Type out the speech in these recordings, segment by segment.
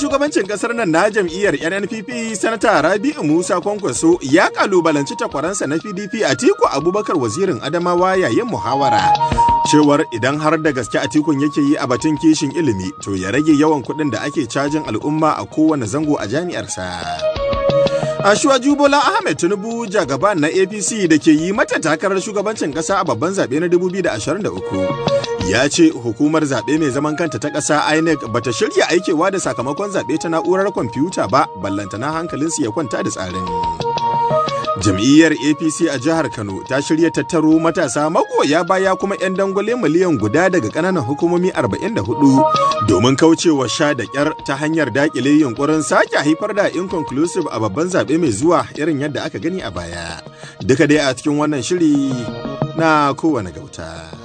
shugabancin kasar nan na jam'iyyar NNPP Sanata Rabi'u Musa Kwankwaso ya kalubalanci takwaransa na PDP a tiku Abubakar wazirin Adamawa yayin muhawara. Cewar idan har da gaske a tikun yake yi a batun kishin ilimi to ya rage yawan kuɗin da ake cajin al'umma a kowane zango a jami'arsa. ashuwa Jubola Ahmed Tinubu jagaban na APC da ke yi mata takarar shugabancin kasa a babban zaɓe na 2023 ya ce hukumar zaɓe mai zaman kanta ta ƙasa inec ba ta shirya aikewa da sakamakon zaɓe ta na'urar kwamfuta ba ballantana hankalinsu ya kwanta da tsarin jam'iyyar apc a jihar kano ta shirya tattaro matasa magoya baya kuma 'yan dangwale miliyan guda daga ƙananan hukumomi 44 domin kaucewa sha da ƙyar ta hanyar dakile yunkurin sake haifar da inconclusive a babban zaɓe mai zuwa irin yadda aka gani a baya duka dai a cikin wannan shiri na kowane gauta.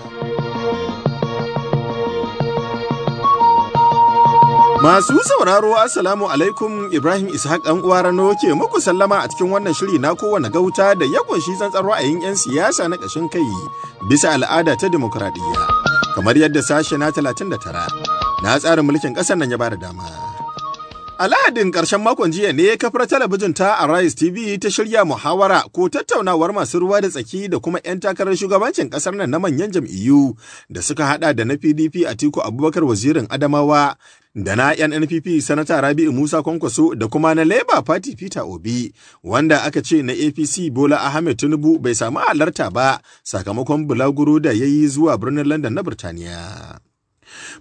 Masu sauraro Assalamu alaikum Ibrahim Ishaq ɗan uwa Rano ke muku sallama a cikin wannan shiri na kowane gauta da ya kunshi zantsar ra'ayin 'yan siyasa na ƙashin kai bisa al'ada ta demokradiyya. Kamar yadda sashe na 39 na tsarin mulkin ƙasar nan ya ba da dama. A ƙarshen makon jiya ne kafar talabijin ta Arise TV ta shirya muhawara ko tattaunawar masu ruwa da tsaki da kuma 'yan takarar shugabancin ƙasar nan na manyan jam'iyyu da suka haɗa da na PDP a Atiku Abubakar wazirin Adamawa da na yan npp sanata Rabi'u Musa Kwankwaso da kuma na Labour Party Peter Obi wanda aka ce na APC Bola Ahmed Tinubu bai samu halarta ba sakamakon bulaguro da ya yi zuwa birnin London na Birtaniya.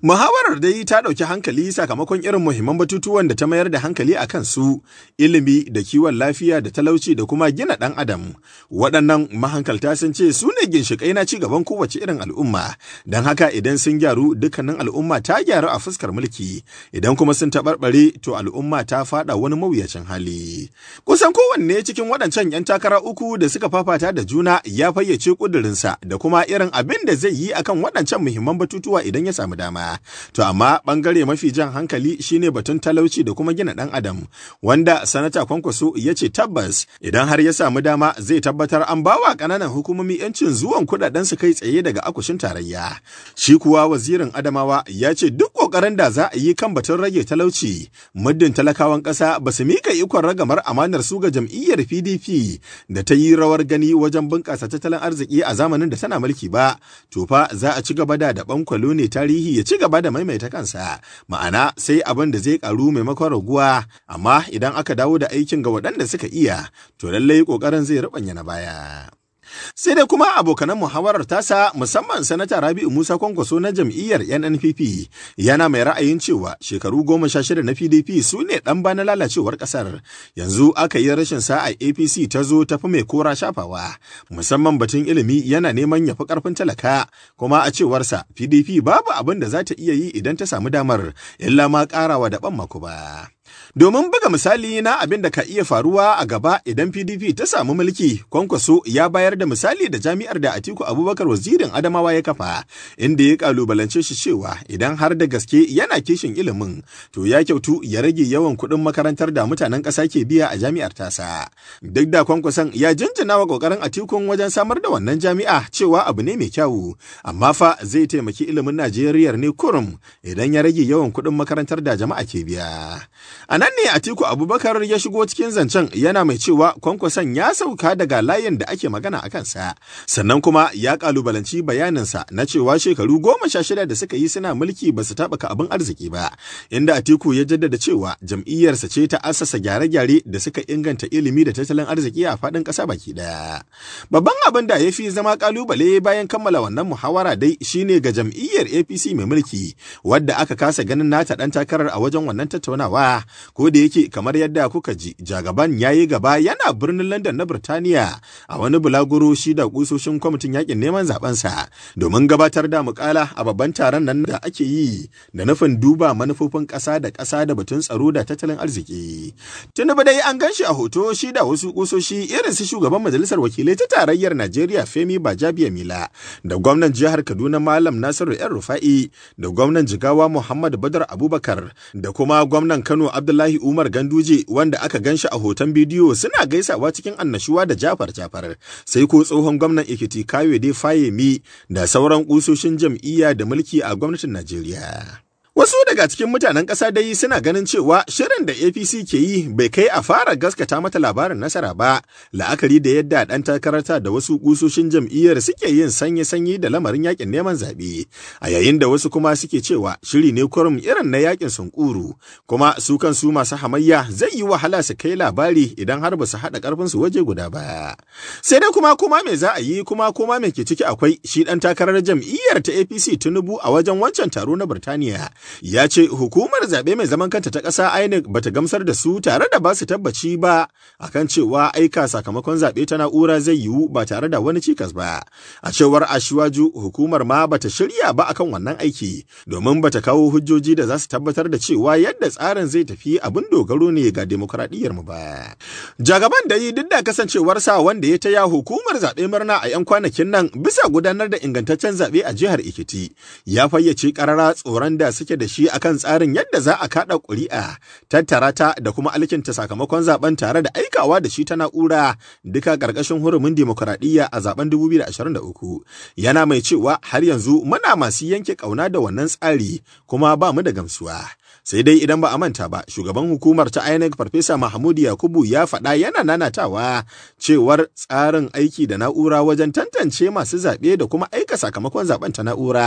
Muhawarar dai ta ɗauki hankali sakamakon irin muhimman batutuwan da ta mayar da hankali a kansu, ilimi da kiwon lafiya da talauci da kuma gina ɗan adam. Waɗannan mahankalta sun ce su ne ginshiƙai na ci gaban kowace irin al'umma, don haka idan sun gyaru dukkanin al'umma ta gyaru a fuskar mulki, idan kuma sun taɓarɓare to al'umma ta faɗa wani mawuyacin hali. Kusan kowanne cikin waɗancan 'yan takara uku da suka fafata da juna ya fayyace ƙudurinsa da kuma irin abin da zai yi akan waɗancan muhimman batutuwa idan ya samu dama. To amma bangare mafi jan hankali shine batun talauci da kuma gina ɗan adam wanda sanata kwankwaso ya ce tabbas idan har ya samu dama zai tabbatar an bawa ƙananan hukumomi 'yancin zuwan kuɗaɗen su kai tsaye daga akushin tarayya. Shi kuwa wazirin Adamawa ya ce duk ƙoƙarin da za a yi kan batun rage talauci muddin talakawan ƙasa ba su mika ikon ragamar amanar su ga jam'iyyar PDP da ta yi rawar gani wajen bunƙasa tattalin arziki a zamanin da tana mulki ba to fa za a ci gaba da da kwalo ne tarihi ya ci gaba da maimaita kansa ma'ana sai abin da zai karu maimakon raguwa amma idan aka dawo da aikin ga waɗanda suka iya to lallai ƙoƙarin zai ruɓanya na baya. Sai dai kuma abokanan muhawarar tasa musamman sanata Rabi'u Musa Kwankwaso na jam'iyyar NNPP yana mai ra'ayin cewa shekaru goma sha shida na PDP su ne ɗan bana lalacewar ƙasar. Yanzu aka yi rashin sa'a APC ta zo tafi mai kora shafawa musamman batun ilimi yana neman ya fi ƙarfin talaka kuma a cewarsa PDP babu abin da za ta iya yi idan ta samu damar illa ma ƙarawa da ban maku ba. Domin buga misali na abin da ka iya faruwa a gaba idan PDP ta samu mulki, Kwankwaso ya bayar da misali da jami'ar da Atiku Abubakar wazirin Adamawa ya kafa, inda ya kalubalance shi cewa idan har da gaske yana kishin ilimin, to ya kyautu ya rage yawan kuɗin makarantar da mutanen ƙasa ke biya a jami'ar tasa. Duk da Kwankwason ya jinjina wa ƙoƙarin Atikun wajen samar da wannan jami'a cewa abu ne mai kyawu, amma fa zai taimaki ilimin Najeriya ne kurum idan ya rage yawan kuɗin makarantar da jama'a ke biya. nan ne Atiku Abubakar ya shigo cikin zancen yana mai cewa kwankwason ya sauka daga layin da ake magana a kansa, sannan kuma ya kalubalanci bayaninsa na cewa shekaru goma sha shida da suka yi suna mulki ba su ka abin arziki ba, inda Atiku ya jaddada cewa jam'iyyarsa ce ta asasa gyare-gyare da suka inganta ilimi da tattalin arziki a faɗin ƙasa baki ɗaya. Babban abin da ya fi zama kalubale bayan kammala wannan muhawara dai shine ga jam'iyyar APC mai mulki, wadda aka kasa ganin nata ɗan takarar a wajen wannan tattaunawa. ko da yake kamar yadda kuka ji jagaban ya yi gaba yana birnin london na birtaniya a wani bulaguro shi da kusoshin kwamitin yakin neman zabensa domin gabatar da mukala a babban taron nan da ake yi da nufin duba manufofin ƙasa da ƙasa da batun tsaro da tattalin arziki tunubu dai an gan shi a hoto shi da wasu kusoshi irin su shugaban majalisar wakilai ta tarayyar najeriya femi bajabiya mila da gwamnan jihar kaduna malam nasiru yan rufa'i da gwamnan jigawa muhammad badar abubakar da kuma gwamnan kano abdullahi Abdullahi Umar Ganduje wanda aka ganshi a hoton bidiyo suna gaisawa cikin annashuwa da Jafar Jafar sai ko tsohon gwamnan Ekiti Kayode Fayemi da sauran kusoshin jam'iyya da mulki a gwamnatin Najeriya. Wasu daga cikin mutanen ƙasa dai suna ganin cewa shirin da APC ke yi bai kai a fara gaskata mata labarin nasara ba, la'akari da yadda ɗan takararta da wasu ƙusoshin jam'iyyar suke yin sanyi sanyi da lamarin yakin neman zaɓe, a yayin da wasu kuma suke cewa shiri ne kurum irin na yakin sunkuru, kuma su kansu masu hamayya zai yi wahala su kai labari idan har ba su haɗa ƙarfinsu waje guda ba. Sai dai kuma kuma me za a yi kuma kuma me ke ciki akwai shi ɗan takarar jam'iyyar ta APC Tinubu a wajen wancan taro na Birtaniya. ya ce hukumar zaɓe mai zaman kanta ta ƙasa INEC ta gamsar da su tare da ba su tabbaci ba akan cewa aika sakamakon zaɓe ta na'ura zai yiwu ba tare da wani cikas ba a cewar ashiwaju hukumar ma ba ta shirya ba akan wannan aiki domin ba ta kawo hujjoji da za su tabbatar da cewa yadda tsarin zai tafi abin dogaro ne ga demokradiyyar mu ba jagaban da yi duk da kasancewarsa wanda ya taya hukumar zaɓe murna a 'yan kwanakin nan bisa gudanar da ingantaccen zaɓe a jihar Ikiti ya fayyace ƙarara tsoron da suke yake da shi a kan tsarin yadda za a kaɗa ƙuri'a, tattara ta da kuma alkinta sakamakon zaben tare da aikawa da shi ta na'ura duka ƙarƙashin hurumin dimokuraɗiyya a zaben 2023. Yana mai cewa har yanzu muna masu yanke ƙauna da wannan tsari kuma ba mu da gamsuwa. sai dai idan ba a manta ba shugaban hukumar ta inec farfesa mahmudu yakubu ya faɗa yana nanatawa cewar tsarin aiki da na'ura wajen tantance masu zaɓe da kuma aika sakamakon zaben ta na'ura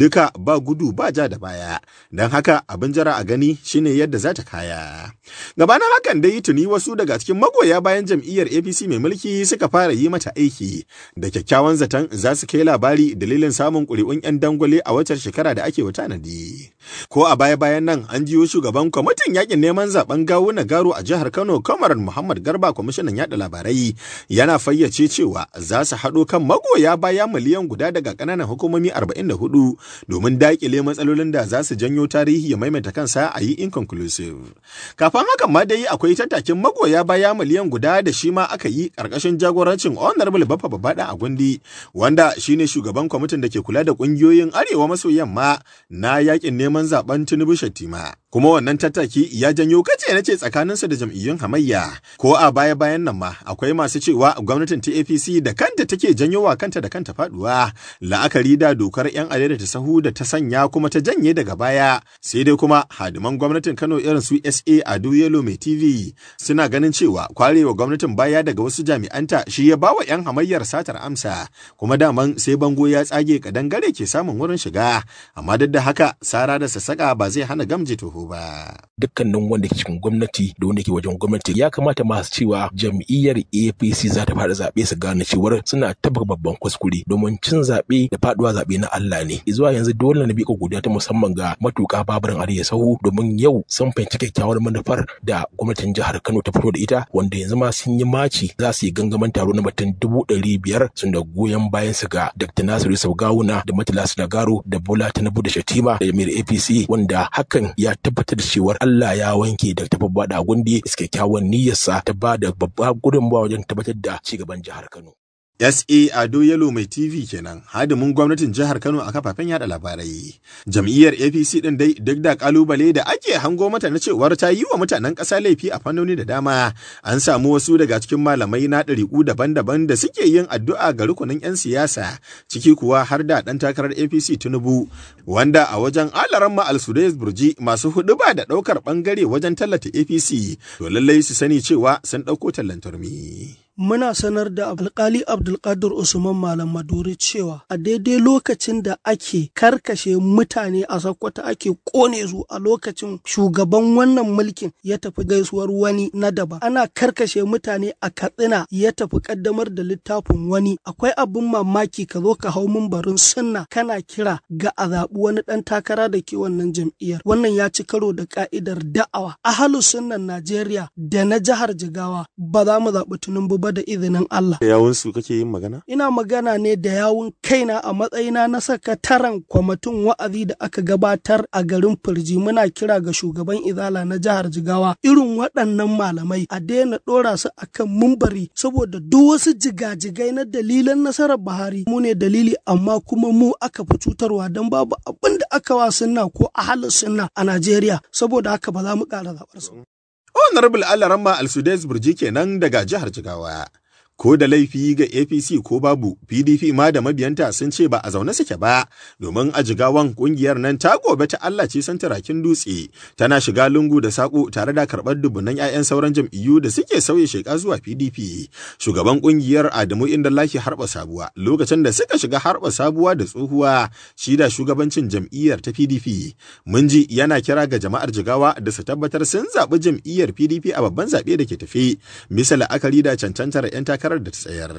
duka ba gudu ba ja da baya don haka abin jira a gani shine yadda za ta kaya na hakan dai tuni wasu daga cikin magoya bayan jam'iyyar apc mai mulki suka fara yi mata aiki da kyakkyawan zaton za su kai labari dalilin samun ƙuri'un 'yan dangwale a wacce shekara da ake wa tanadi ko a baya bayan nan an jiyo shugaban kwamitin yakin neman zaben gawo na garo a jihar Kano kamaran Muhammad Garba kwamishinan yada labarai yana fayyace cewa za su haɗo kan magoya baya miliyan guda daga ƙananan hukumomi 44 domin daƙile matsalolin da za su janyo tarihi ya maimaita kansa a yi inconclusive. Kafin hakan ma dai akwai tattakin magoya baya miliyan guda da shi ma aka yi ƙarƙashin jagorancin Honorable Baffa Babaɗa a Gundi wanda shine shugaban kwamitin da ke kula da ƙungiyoyin Arewa maso yamma na yaƙin neman zaben Tinubu hạ kuma wannan tattaki ya janyo kace na ce tsakaninsa da jam'iyyun hamayya ko a baya bayan nan ma akwai masu cewa gwamnatin TAPC da kanta take janyo wa kanta da kanta faduwa la'akari da dokar yan adada ta sahu da ta sanya kuma ta janye daga baya sai dai kuma hadiman gwamnatin Kano irin su SA a Yelo mai TV suna ganin cewa kwarewa gwamnatin baya daga wasu jami'anta shi ya bawa yan hamayyar satar amsa kuma daman sai bango ya tsage kadangare ke samun wurin shiga amma duk da haka sara da sassaka ba zai hana gamji to tsaro Dukkanin wanda ke cikin gwamnati da wanda ke wajen gwamnati ya kamata masu cewa jam'iyyar APC za ta fara zaɓe su gane cewar suna tabbar babban kuskure domin cin zaɓe da faɗuwa zaɓe na Allah ne. Zuwa yanzu dole na biƙa godiya ta musamman ga matuƙa babban Arewa Sahu domin yau sun fahimci kyakkyawar manufar da gwamnatin jihar Kano ta fito da ita wanda yanzu ma sun yi maci za su yi gangamin taro na batun dubu ɗari biyar sun da goyon bayan su ga Dr. Nasiru Sau Gawuna da Matala Sinagaro da Bola Tinubu da Shatima da Jami'ar APC wanda hakan ya tabbatar da cewar Allah ya wanke da tabbada gundi iska kyawun niyyarsa ta ba da babba gudunmawa wajen tabbatar da cigaban jihar Kano. SA Ado Yalo mai TV kenan hadimin gwamnatin jihar Kano a kafafen yada labarai. Jam'iyyar APC ɗin dai duk da kalubale da ake hango mata na cewar ta yi wa mutanen ƙasa laifi a fannoni da dama. An samu wasu daga cikin malamai na ɗariƙu daban-daban da suke yin addu'a ga rukunin 'yan siyasa ciki kuwa har da ɗan takarar APC Tinubu wanda a wajen alaran ma Sudais Burji masu huɗu ba da ɗaukar ɓangare wajen tallata APC to lallai su sani cewa sun ɗauko tallantarmi. muna sanar da alkali abdulkadir usman malam maduri cewa a daidai lokacin da ake karkashe mutane a sakkwata ake kone su a lokacin shugaban wannan mulkin ya tafi gaisuwar wani na daba ana karkashe mutane a katsina ya tafi kaddamar da littafin wani akwai abin mamaki ka zo ka hau mumbarin sunna kana kira ga a zaɓi wani ɗan takara da ke wannan jam'iyyar wannan ya ci karo da ka'idar da'awa ahalus sunnan najeriya da na jihar jigawa ba za mu zaɓi tunubu ba da izinin Allah. Da yawunsu kake yin magana? Ina magana ne da yawun kaina a matsayina na sakataren kwamitin wa'azi da aka gabatar a garin Firji muna kira ga shugaban Izala na jihar Jigawa irin waɗannan malamai a daina ɗora su akan mumbari saboda duk wasu jigajigai na dalilan nasarar Buhari mu ne dalili amma kuma mu aka fi cutarwa don babu abin da aka wa sunna ko a halin sunna a Najeriya saboda haka ba za mu ƙara zaɓar su. Honorable Al-Sudais Burji kenan daga jihar Jigawa. ko da laifi ga apc ko babu pdp ma da mabiyanta sun ce ba a zaune suke ba domin a jigawan kungiyar nan ta gobe ta allah ce tarakin dutse tana shiga lungu da saƙo tare da karɓar dubunan 'ya'yan sauran jam'iyyu da suke sauya sheka zuwa pdp shugaban kungiyar adamu inda laki harba sabuwa lokacin da suka shiga harba sabuwa da tsohuwa shi da shugabancin jam'iyyar ta pdp mun ji yana kira ga jama'ar jigawa da su tabbatar sun zaɓi jam'iyyar pdp a babban zaɓe da ke tafi misali akali da cancantar 'yan takarar tsayar.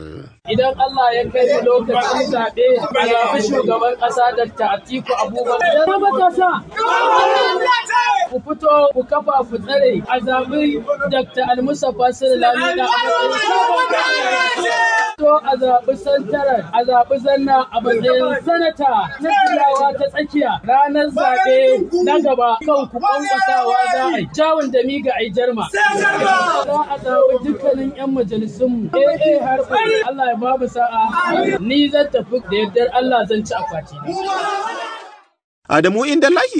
Idan Allah ya kai lokacin zaɓe a zaɓi shugaban ƙasa da ta Atiku Abubakar. ta sa. Ku fito ku kafa ku tsare a zaɓi Dr. Almusa Fasir da To a zaɓi santarar a zaɓi zanna a matsayin sanata na filawa ta tsakiya ranar zaɓe na gaba kan ku ƙasawa za a yi. Cawun da miga a yi jarma. Za a zaɓi dukkanin 'yan majalisunmu. ɗaya har Allah ya babu sa'a ni zan tafi da yardar Allah zan ci akwati Adamu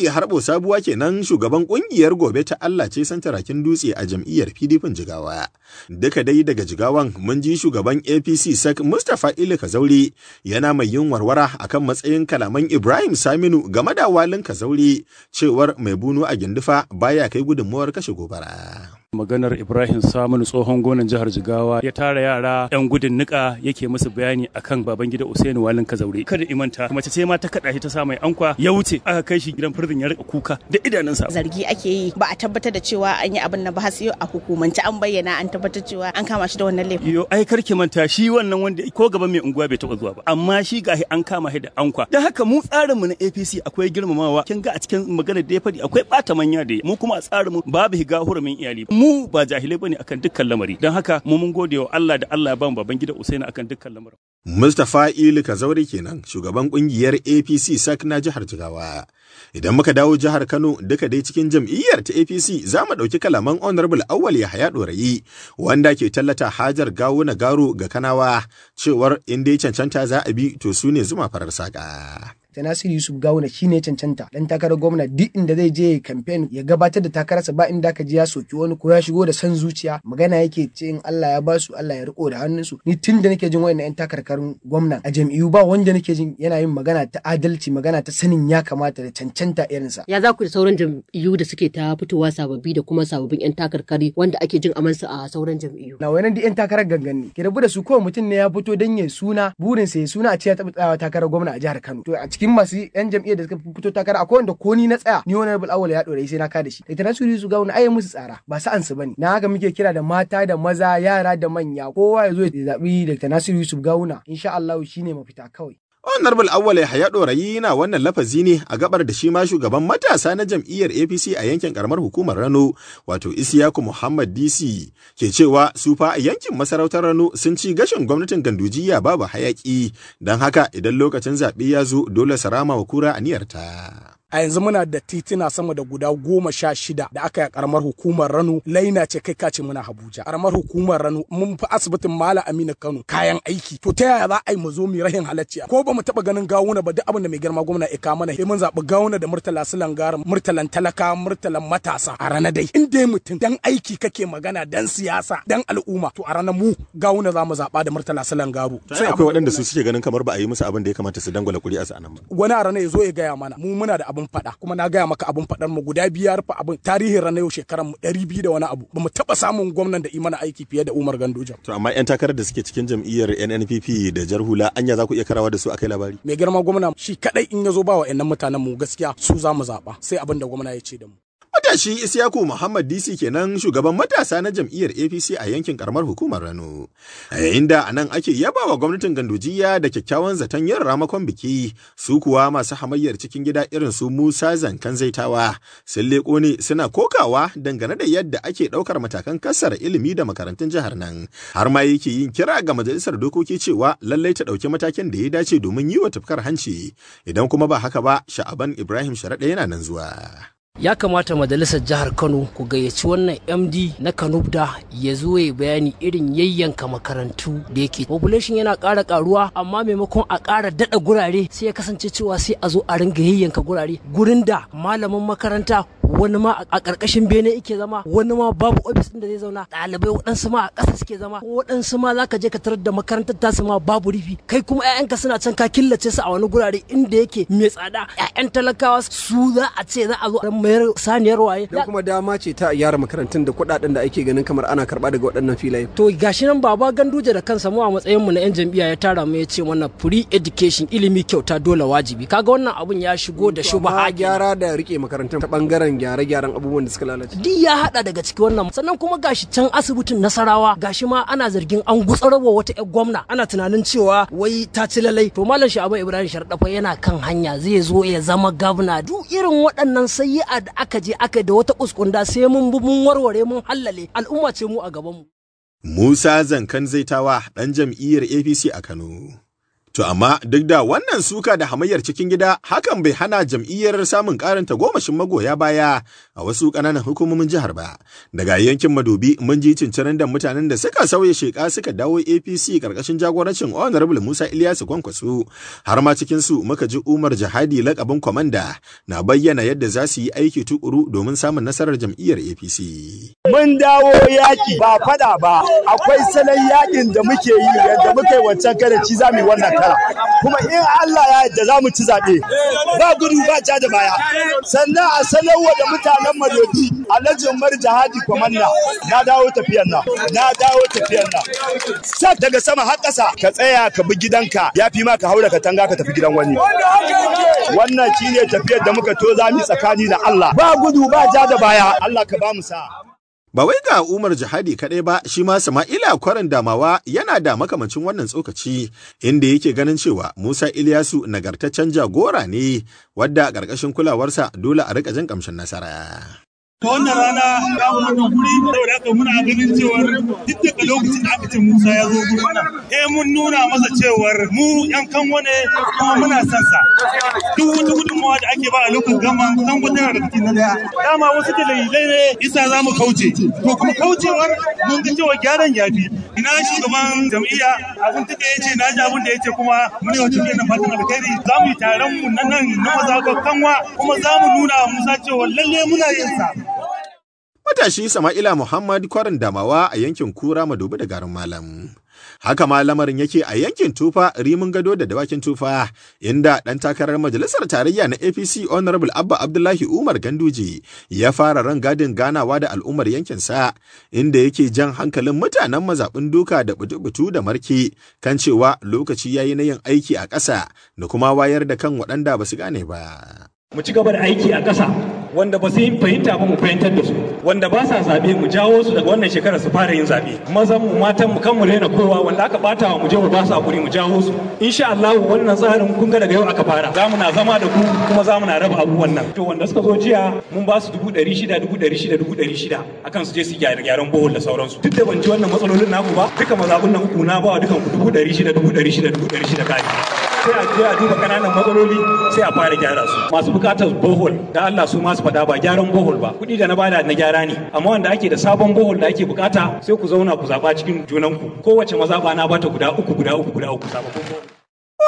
harbo sabuwa kenan shugaban kungiyar gobe ta Allah ce santarakin dutse a jam'iyyar PDP Jigawa. Duka dai daga Jigawan mun ji shugaban APC Sak Mustapha Ili Kazauri yana mai yin warwara akan matsayin kalaman Ibrahim Saminu game da walin Kazauri cewar mai bunu a gindufa baya kai gudunmuwar kashe gobara. maganar Ibrahim Saminu tsohon gonan jihar Jigawa ya tara yara 'yan gudun nika yake musu bayani akan Babangida Usaini Walin Kazaure. Kada imanta mace ce ma ta kada shi ta sa mai ankwa ya wuce aka kai shi gidan firzin ya rika kuka da idanunsa. Zargi ake yi ba a tabbatar da cewa an yi abin na ba a hukumance an bayyana an tabbatar cewa an kama shi da wannan laifin. Yo ai karki manta shi wannan wanda ko gaban mai unguwa bai taba zuwa ba amma shi gahi an kama shi da ankwa. Dan haka mu tsarin mu na APC akwai girmamawa kin ga a cikin maganar da ya faɗi akwai bata manya da mu kuma a tsarin mu babu higa hurumin iyali. mu ba jahilai bane akan dukkan lamari don haka mu mun gode wa Allah da Allah ya ba mu baban gida Usaina akan dukkan lamarin mustafa Ili Kazauri kenan shugaban kungiyar APC SAC na jihar Jigawa idan muka dawo jihar Kano duka dai cikin jam'iyyar ta APC za mu ɗauki kalaman Honorable awwal Yahaya Dorayi wanda ke tallata hajar gawuna garo ga Kanawa cewar in dai cancanta za a bi to sune zuma farar saka sai nasiru yusuf gawuna shine cancanta dan takarar gwamna duk inda zai je campaign ya gabatar da takararsa ba inda ka ji ya soki wani ko ya shigo da san zuciya magana yake ce in Allah ya ba su Allah ya riko da hannunsu ni tun da nake jin wayannan yan takarkarun gwamna a jam'iyyu ba wanda nake jin yana yin magana ta adalci magana ta sanin ya kamata da cancanta irinsa ya za ku da sauran jam'iyyu da suke ta fitowa sababbi da kuma sababin yan takarkari wanda ake jin amansa a sauran jam'iyyu na wayannan duk yan takarar gangan ki rabu da su ko mutum ne ya fito dan ya suna burinsa ya suna a ce ya takarar gwamna a jihar Kano to a cikin masu yan jam'iyyar da suka fito takara akwai wanda ko ni na tsaya ni wani rabul awal ya dore sai na kada shi ita na suri su ga wani ayi musu tsara ba su ansu bane na haka muke kira da mata da maza yara da manya kowa ya zo ya zabi Dr. Nasiru Yusuf Gawuna insha shi ne mafita kawai Honorable Awwal Yahaya Dorayi na wannan lafazi ne a gabar da shi ma shugaban matasa na jam'iyyar APC a yankin karamar hukumar Rano wato Isiyaku Muhammad DC ke cewa su fa a yankin masarautar Rano sun ci gashin gwamnatin Gandujiya babu hayaƙi don haka idan lokacin zaɓe ya zo dole sarama wa kura aniyarta. a yanzu muna da titina sama da guda goma sha shida da aka yi karamar hukumar rano laina ce kai kace muna Habuja karamar hukumar rano mun fi asibitin mala aminu kano kayan aiki to ta yaya za a yi mu zo mu rahin halacci ko ba mu taba ganin gawuna ba duk abin da mai girma gwamna ya kama mana mun zaɓi gawuna da murtala silan murtalan talaka murtalan matasa a rana dai in dai mutum dan aiki kake magana dan siyasa dan al'umma to a ranar mu gawuna za mu zaɓa da murtala silan sai akwai waɗanda su suke ganin kamar ba a yi musu abin da ya kamata su dangwala kuri'a a ba wani a rana ya zo ya gaya mana mu muna da abin abun faɗa kuma na gaya maka abun faɗar mu guda biyar fa abun tarihin ranar yau shekarar mu ɗari biyu da wani abu bamu taɓa samun gwamnan da mana aiki fiye da Umar Gandoja. To amma 'yan takarar da suke cikin jam'iyyar NNPP da Jarhula anya za ku iya karawa da su akai labari. Mai girma gwamna shi kadai in ya zo ba wa mutanen mu gaskiya su za mu zaɓa sai abin da gwamna ya ce da mu. Matashi Isiyaku Muhammad DC kenan shugaban matasa na jam'iyyar APC a yankin karamar hukumar Rano. A yayin da anan ake yaba wa gwamnatin Gandujiya da kyakkyawan zaton yin ramakon biki, su kuwa masu hamayyar cikin gida irin su Musa Zankan Zaitawa sun leko ne suna kokawa dangane da yadda ake ɗaukar matakan kasar ilimi da makarantun jihar nan. Har ma yake yin kira ga majalisar dokoki cewa lallai ta ɗauki matakin da ya dace domin yi wa tafkar hanci. Idan kuma ba haka ba, Sha'aban Ibrahim Sharaɗa yana nan zuwa. ya kamata majalisar jihar kano ku gayyaci wannan md na kanubda ya zo ya bayani irin yayyanka makarantu da yake population yana ƙara ƙaruwa amma maimakon a ƙara daɗa gurare sai ya kasance cewa sai a zo a ringa yayyanka gurare gurin da malamin makaranta wani ma a ƙarƙashin bene yake zama wani ma babu ofis din da zai zauna ɗalibai waɗansu ma a ƙasa suke zama waɗansu ma ka je ka tarar da makarantar tasu ma babu rifi kai kuma ƴaƴanka suna can ka killace su a wani gurare inda yake mai tsada 'ya'yan talakawa su za a ce za a zo a mayar saniyar waye da kuma dama ce ta yara makarantun da kuɗaɗen da ake ganin kamar ana karɓa daga waɗannan filaye to gashi nan baba ganduje da kansa mu a matsayin mu na yan jam'iyya ya tara mu ya ce wannan free education ilimi kyauta dole wajibi kaga wannan abun ya shigo da shubaha gyara da rike makarantar ta bangaren gyara gyare-gyaren abubuwan da suka lalace duk ya haɗa daga ciki wannan sannan kuma gashi can asibitin nasarawa gashi ma ana zargin an gutsarwa wata ƴar gwamna ana tunanin cewa wai ta ci lalai to malam sha'abu ibrahim sharɗafa yana kan hanya zai zo ya zama gwamna duk irin waɗannan sayi'a da aka je aka da wata kuskunda sai mun bi mun warware mun hallale al'umma ce mu a gaban mu Musa Zankan Zaitawa ɗan jam'iyyar APC a Kano. To amma duk da wannan suka da hamayyar cikin gida hakan bai hana jam'iyyar samun ƙarin tagomashin magoya baya a wasu ƙananan hukumomin jihar ba. Daga yankin madubi mun ji cincirin da mutanen da suka sauya sheka suka dawo APC ƙarƙashin jagorancin Honorable Musa Ilyasu Kwankwaso har ma cikin su muka ji Umar Jihadi laƙabin kwamanda na bayyana yadda za su yi aiki tukuru domin samun nasarar jam'iyyar APC. Mun dawo yaƙi ba faɗa ba akwai salon yaƙin da muke yi yadda muka wancan kada ci za mu yi wannan shekara kuma in Allah ya yadda za mu ci zaɓe ba gudu ba ja da baya sannan a sanarwa da mutanen Maryobi Alhaji Umar Jihadi Kwamanna na dawo tafiyar na. na dawo tafiyar na. daga sama har ƙasa ka tsaya ka bi gidanka ya fi ma ka haura katanga ka tafi gidan wani wannan shine tafiyar da muka to zami tsakani da Allah ba gudu ba ja da baya Allah ka ba mu sa'a Ba wai ga Umar Jihadi kaɗai ba, shi ma Sama'ila kwarin damawa yana da makamancin wannan tsokaci, inda yake ganin cewa Musa Ilyasu nagartaccen jagora ne, wadda ƙarƙashin kulawarsa dole a riƙa jin ƙamshin nasara. wannan rana ta wannan guri saboda haka muna ganin cewar duk daga lokacin da aka ce Musa ya zo gurin nan eh mun nuna masa cewar mu yan kanwa ne kuma muna son sa duk wata gudunmawa da ake ba a lokacin gama kan gudunar da cikin na daya dama wasu dalilai ne isa za mu kauce to kuma kaucewar mun ga cewa gyaran ya fi ina shugaban jam'iyya abin take ya ce na ji abin da ya ce kuma mun yau tafiya na fatan alkhairi za mu yi taron mu na nan na mazaɓar kanwa kuma za mu nuna Musa cewa lalle muna yin sa Matashi Sama'ila Muhammad kwarin damawa a yankin Kura Madobi da garin Malam. Haka ma lamarin yake a yankin Tufa Rimin Gado da Dawakin Tufa, inda ɗan takarar Majalisar Tarayya na APC Honorable Abba Abdullahi Umar Ganduje ya fara ran gadin ganawa da al'ummar yankinsa, inda yake jan hankalin mutanen mazaɓin duka da butu-butu da marki kan cewa lokaci ya yi na yin aiki a ƙasa da kuma wayar da kan waɗanda ba su gane ba. mu ci gaba da aiki a ƙasa wanda ba su yi fahimta ba mu fahimtar da su wanda ba sa zaɓe mu jawo su daga wannan shekarar su fara yin zaɓe mazan mu matan mu kan mu rena kowa wanda aka bata wa mu je mu ba su hakuri mu jawo su insha Allah wannan tsarin kun ga daga yau aka fara za mu na zama da ku kuma za mu na raba abubuwan nan to wanda suka zo jiya mun ba su dubu ɗari shida dubu ɗari shida dubu ɗari shida akan su je su gyara gyaran bohol da sauransu duk da ban ji wannan matsalolin naku ba duka mazaɓun nan uku na ba dukan ku dubu ɗari shida dubu ɗari shida dubu ɗari shida kai sai a je a duba kananan matsaloli sai a fara gyara su masu bukatar bohol da Allah su masu fada ba gyaran bohol ba kuɗi da na bada na gyara ne amma wanda ake da sabon bohol da ake bukata sai ku zauna ku zaba cikin junanku kowace mazaba na bata guda uku guda uku guda uku sabon bohol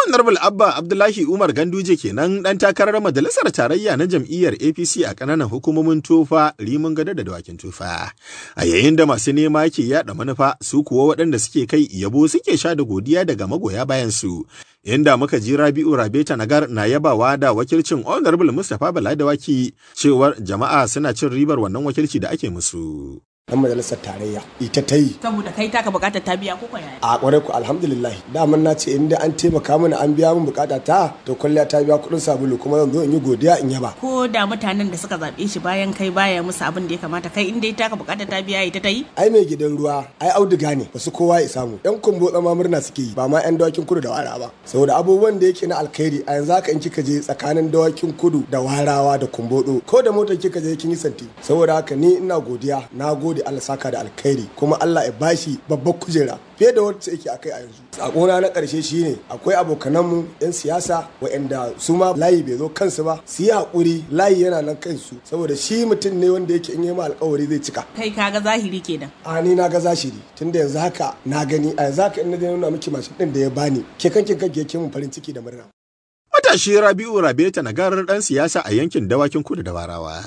Honorable Abba Abdullahi Umar Ganduje kenan ɗan takarar majalisar tarayya na jam'iyyar APC a ƙananan hukumomin tufa rimin gada da dawakin tufa. A yayin da masu nema ke yaɗa manufa su kuwa waɗanda suke kai yabo suke sha da godiya daga magoya bayan su. Inda muka ji Rabi'u Rabeta Nagar na yabawa da wakilcin Honorable Mustapha Bala Baladawaki cewar jama'a suna cin ribar wannan wakilci da ake musu. dan majalisar tarayya ita ta yi saboda kai ka bukata ta biya ko yaya a kware ku alhamdulillah daman na ce inda an taimaka mana an biya mun bukata ta to kwalliya ta biya kudin sabulu kuma zan zo in yi godiya in yaba ko da mutanen da suka zabe shi bayan kai baya musu abin da ya kamata kai inda ita ka bukata ta biya ita ta yi ai mai gidan ruwa ai auduga ne su kowa ya samu yan kumbo tsama murna suke yi ba ma yan dawakin kudu da wara ba saboda abubuwan da yake na alkhairi a yanzu haka in kika je tsakanin dawakin kudu da warawa da kumbodo ko da motar kika je kin yi santi saboda haka ni ina godiya na gode gode Allah saka da alkhairi kuma Allah ya bashi babbar kujera fiye da wacce yake akai a yanzu sakona na karshe shine akwai abokananmu yan siyasa waɗanda su ma layi bai zo kansu ba su yi hakuri layi yana nan kansu saboda shi mutum ne wanda yake in yi ma alkawari zai cika kai ka ga zahiri kenan a ni na ga zahiri tunda yanzu haka na gani a yanzu haka in na nuna miki mashin din da ya bani ke kankin kanki yake mun farin ciki da murna Matashi Rabi'u Rabeta nagarar ɗan siyasa a yankin dawakin kudu da warawa.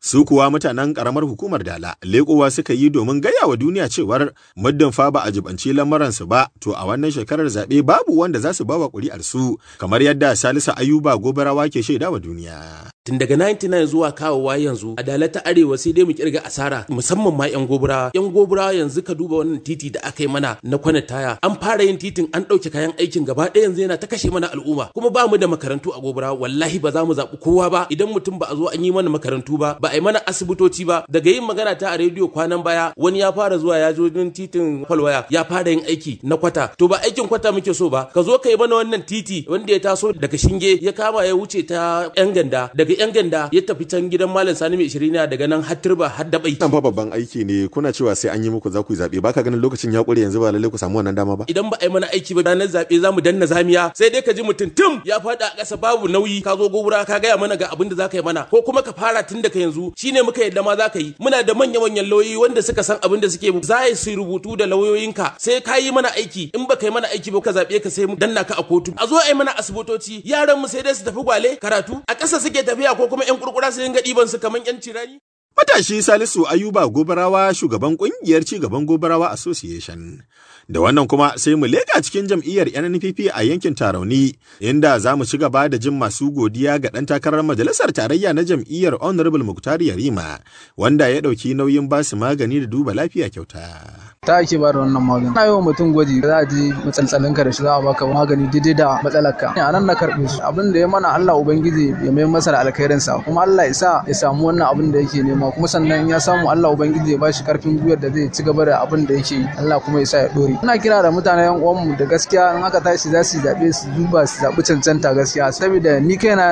Su kuwa mutanen ƙaramar hukumar Dala leƙowa suka yi domin gaya wa duniya cewar muddin fa ba a jibanci lamuransu ba to a wannan shekarar zaɓe babu wanda za su bawa ƙuri'arsu kamar yadda Salisu Ayuba Gobarawa ke shaida wa duniya. Tun daga 99 zuwa kawowa yanzu adala ta arewa sai dai mu kirga asara musamman ma yan goburawa. Yan goburawa yanzu ka duba wannan titi da aka yi mana na kwana taya an fara yin titin an ɗauke kayan aikin gaba ɗaya yanzu yana ta kashe mana al'umma kuma ba mu da makarantu a gobara wallahi ba za mu zaɓi kowa ba idan mutum ba a zo an yi mana makarantu ba ba a yi mana asibitoci ba daga yin magana ta a rediyo kwanan baya wani ya fara zuwa ya zo din titin falwaya ya fara yin aiki na kwata to ba aikin kwata muke so ba ka zo ka yi mana wannan titi wanda ya taso daga shinge ya kama ya wuce ta yan ganda daga yan ganda ya tafi can gidan malam sani mai ishirina daga nan hatir ba har dabai nan babban aiki ne kuna cewa sai an yi muku za ku yi zabe baka ganin lokacin ya kure yanzu ba lalle ku samu wannan dama ba idan ba a yi mana aiki ba ranar zabe za mu danna zamiya sai dai ka ji mutum tum ya fara faɗa a ƙasa babu nauyi ka zo gobura ka gaya mana ga abin da za ka yi mana ko kuma ka fara tun daga yanzu shine muka yadda ma za ka yi muna da manya manyan lauyoyi wanda suka san abin da suke za su rubutu da lauyoyinka sai ka yi mana aiki in ba ka yi mana aiki ba ka zaɓe ka sai mu danna ka a kotu a zo a yi mana asibitoci yaran mu sai dai su tafi gwale karatu a ƙasa suke tafiya ko kuma 'yan kurkura su dinga ɗiban su kamar 'yan cirani. Matashi Salisu Ayuba Gobarawa shugaban kungiyar cigaban Gobarawa Association Da wannan kuma sai mu leƙa cikin jam'iyyar NNPP a yankin Tarauni, inda za mu ci gaba da jin masu godiya ga ɗan takarar majalisar tarayya na jam'iyyar Honorable Muktari Yarima, wanda ya ɗauki nauyin basu magani da duba lafiya kyauta. ta ake bada wannan magani ana yi wa mutum gwaji za a je matsaltsalin ka da shi za a baka magani daidai da matsalar ka a nan na karɓe su abin da ya mana Allah ubangiji ya mai masa da alkhairin sa kuma Allah ya sa ya samu wannan abin da yake nema kuma sannan ya samu Allah ubangiji ya bashi karfin gwiwar da zai ci gaba da abin da yake yi Allah kuma ya sa ya dore ina kira da mutanen yan uwan mu da gaskiya in aka tashi za su zaɓe su duba su zabi cancanta gaskiya saboda ni na kaina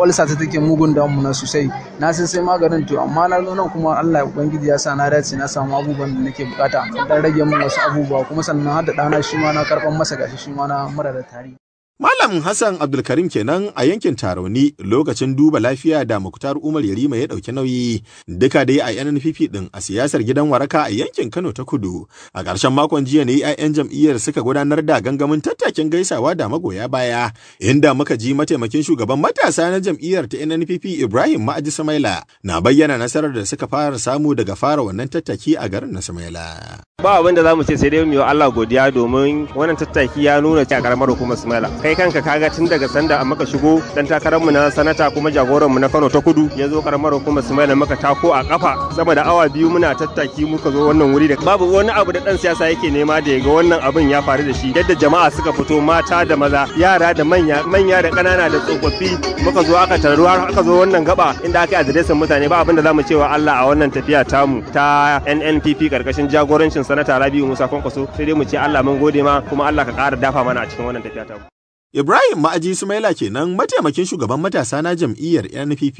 ulsa ta take mugun damu na sosai na san sai maganin to amma na zo nan kuma Allah ubangiji ya sa na dace na samu abubuwan da nake bukata rage min wasu abubuwa kuma sannan har da ɗana shi ma na karɓan masa gashi shi ma na mura da tari Malam Hassan Abdulkarim kenan a yankin taroni lokacin duba lafiya da Muktar Umar Yarima ya ɗauki nauyi duka dai a NNPP din a siyasar gidan waraka a yankin Kano ta Kudu. A ƙarshen makon jiya ne 'ya'yan jam'iyyar suka gudanar da gangamin tattakin gaisawa da magoya baya inda muka ji mataimakin shugaban matasa na jam'iyyar ta NNPP Ibrahim Ma'aji Samaila na bayyana nasarar da suka fara samu daga fara wannan tattaki a garin na Samaila. Ba abin da za mu ce sai dai mu yi Allah godiya domin wannan tattaki ya nuna a karamar hukumar Samaila. kai kanka ga tun daga sanda a maka shigo dan mu na sanata kuma jagoran mu na Kano ta Kudu ya zo karamar hukumar Sumaila maka tako a kafa sama da awa biyu muna tattaki muka zo wannan wuri da babu wani abu da dan siyasa yake nema da ya ga wannan abin ya faru da shi yadda jama'a suka fito mata da maza yara da manya manya da kanana da tsofaffi muka zo aka taru har aka zo wannan gaba inda aka adiresin mutane ba abin da zamu cewa Allah a wannan tafiya mu ta NNPP karkashin jagorancin sanata Rabiu Musa Kwankwaso sai dai mu ce Allah mun gode ma kuma Allah ka ƙara dafa mana a cikin wannan tafiya tamu Ibrahim Ma'aji Sumaila kenan mataimakin shugaban matasa na jam'iyyar NPP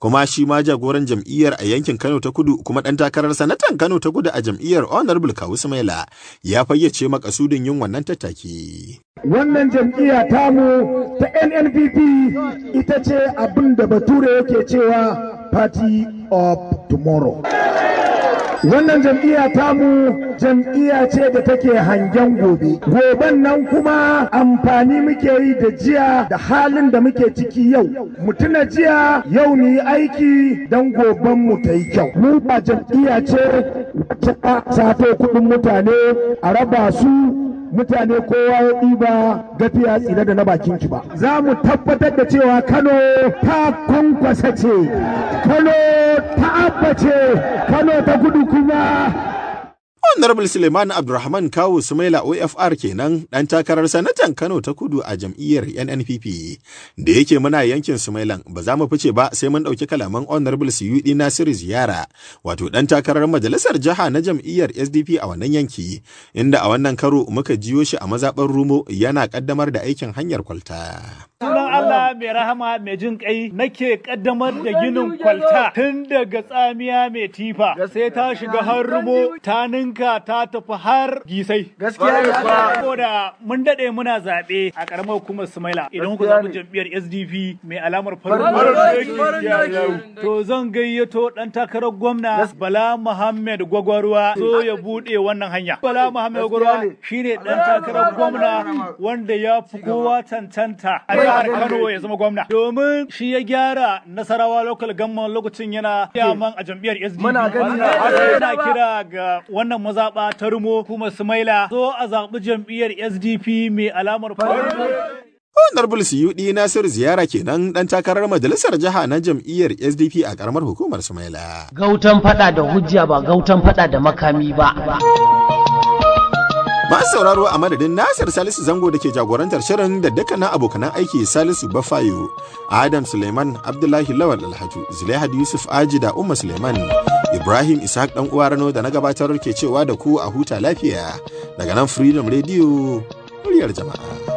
kuma shi ma jagoran jam'iyyar a yankin Kano ta Kudu kuma ɗan takarar sanatan Kano ta Kudu a jam'iyyar Honorable Kawu Sumaila ya fayyace makasudin yin wannan tattaki. Wannan jam'iyya tamu ta NNPP ita ce abin da Bature yake cewa Party of Tomorrow. wannan jam'iyya mu jam'iyya ce da take hangen gobe goben nan kuma amfani muke yi da jiya da halin da muke ciki yau mutuna jiya yau ni aiki don goben mu ta yi kyau mu ba jam'iyya ce wacce ta sato kuɗin mutane a raba su mutane kowa ya ɗiba gafiya tsira da na bakin ki ba za mu tabbatar da cewa kano ta kwankwasa ce kano ta abba kano ta gudu kuma Honorable Suleiman Abdulrahman Kawu Sumaila OFR kenan ɗan takarar sanatan Kano ta kudu a jam'iyyar NNPP. Da yake muna yankin Sumailan ba za mu fice ba sai mun ɗauki kalaman Honorable Suyudi Nasiru Ziyara wato ɗan takarar majalisar jiha na jam'iyyar SDP a wannan yanki inda a wannan karo muka jiyo shi a mazaɓar Rumo yana ƙaddamar da aikin hanyar kwalta. Sunan Allah mai rahama mai jin kai nake kaddamar da ginin kwalta tun daga tsamiya mai tifa sai ta shiga har rubo ta ninka ta tafi har gisai. Gaskiya Saboda mun daɗe muna zaɓe a ƙaramar hukumar Sumaila idan ku zaɓi jam'iyyar SDP mai alamar farin To zan gayyato ɗan takarar gwamna Bala Muhammad Gwagwarwa so ya buɗe wannan hanya. Bala Muhammad Gwagwarwa shine ɗan takarar gwamna wanda ya fi kowa cancanta. jihar Kano ya zama gwamna. Domin shi ya gyara Nasarawa local gamman lokacin yana yaman a jam'iyyar SDP. Muna gani na kira ga wannan mazaɓa ta rumo kuma Sumaila. Zo a zaɓi jam'iyyar SDP mai alamar fari. Honorable Siyudi Nasiru ziyara kenan dan takarar majalisar jiha na jam'iyyar SDP a karamar hukumar Sumaila. Gautan fada da hujja ba gautan fada da makami ba. Masu sauraro a madadin Nasir Salisu Zango da ke jagorantar shirin da dukkanin abokanan aiki Salisu Bafayo, Adam Suleiman Abdullahi Lawal Alhaji, Zulaihad Yusuf Aji da Umma Suleiman, Ibrahim Ishak dan uwa Rano da na gabatar ke cewa da ku a huta lafiya daga nan Freedom Radio muryar jama'a.